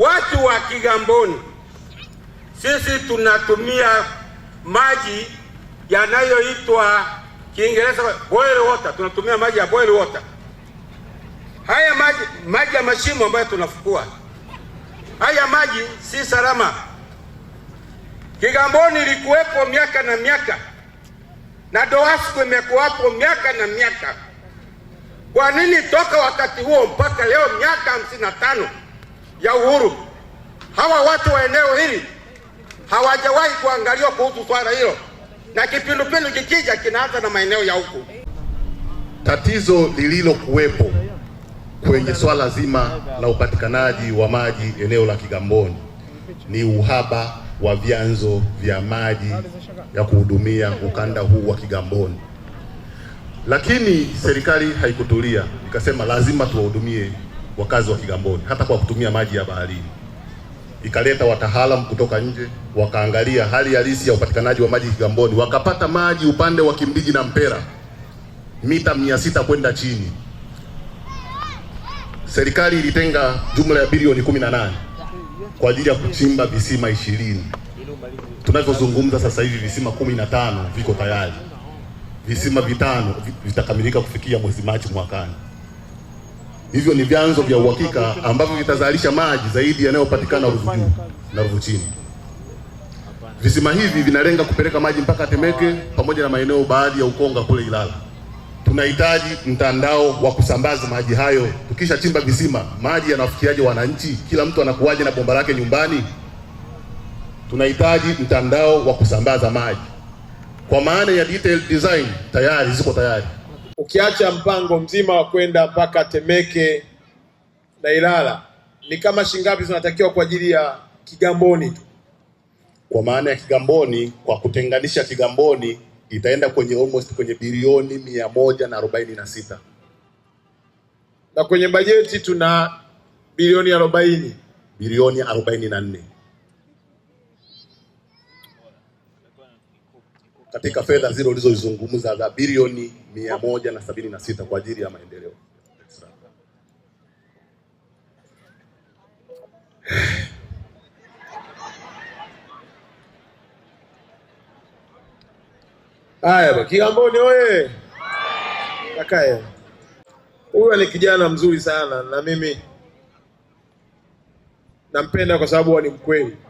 watu wa Kigamboni sisi tunatumia maji yanayoitwa Kiingereza boil water, tunatumia maji ya boil water. Haya maji, maji ya mashimo ambayo tunafukua haya maji si salama. Kigamboni ilikuwepo miaka na miaka na DOWASCO imekuwapo miaka na miaka. Kwa nini toka wakati huo mpaka leo miaka hamsini na tano ya uhuru. Hawa watu wa eneo hili hawajawahi kuangaliwa kuhusu swala hilo, na kipindupindu kikija kinaanza na maeneo ya huku. Tatizo lililokuwepo kwenye swala zima la upatikanaji wa maji eneo la Kigamboni ni uhaba wa vyanzo vya maji ya kuhudumia ukanda huu wa Kigamboni, lakini serikali haikutulia, ikasema lazima tuwahudumie wakazi wa Kigamboni, hata kwa kutumia maji ya baharini. Ikaleta wataalamu kutoka nje, wakaangalia hali halisi ya upatikanaji wa maji Kigamboni, wakapata maji upande wa Kimbiji na Mpera mita mia sita kwenda chini. Serikali ilitenga jumla ya bilioni 18 kwa ajili ya kuchimba visima ishirini. Tunavyozungumza sasa hivi visima 15 viko tayari, visima vitano vitakamilika kufikia mwezi Machi mwakani. Hivyo ni vyanzo vya uhakika ambavyo vitazalisha maji zaidi yanayopatikana Ruvu juu na Ruvu chini. Visima hivi vinalenga kupeleka maji mpaka Temeke pamoja na maeneo baadhi ya Ukonga kule Ilala. Tunahitaji mtandao wa kusambaza maji hayo. Tukishachimba visima, maji yanafikiaje wananchi? Kila mtu anakuwaje na bomba lake nyumbani? Tunahitaji mtandao wa kusambaza maji. Kwa maana ya detailed design tayari ziko tayari ukiacha mpango mzima wa kwenda mpaka Temeke na Ilala ni kama shingapi zinatakiwa kwa ajili ya Kigamboni tu? Kwa maana ya Kigamboni, kwa kutenganisha Kigamboni itaenda kwenye almost kwenye bilioni mia moja na arobaini na sita na kwenye bajeti tuna bilioni arobaini bilioni arobaini na nne. katika fedha zile ulizozizungumza za bilioni mia moja na sabini na sita kwa ajili ya maendeleo. Haya, Kigamboni oye! Kakae huyo ni kijana mzuri sana, na mimi nampenda kwa sababu ni mkweli.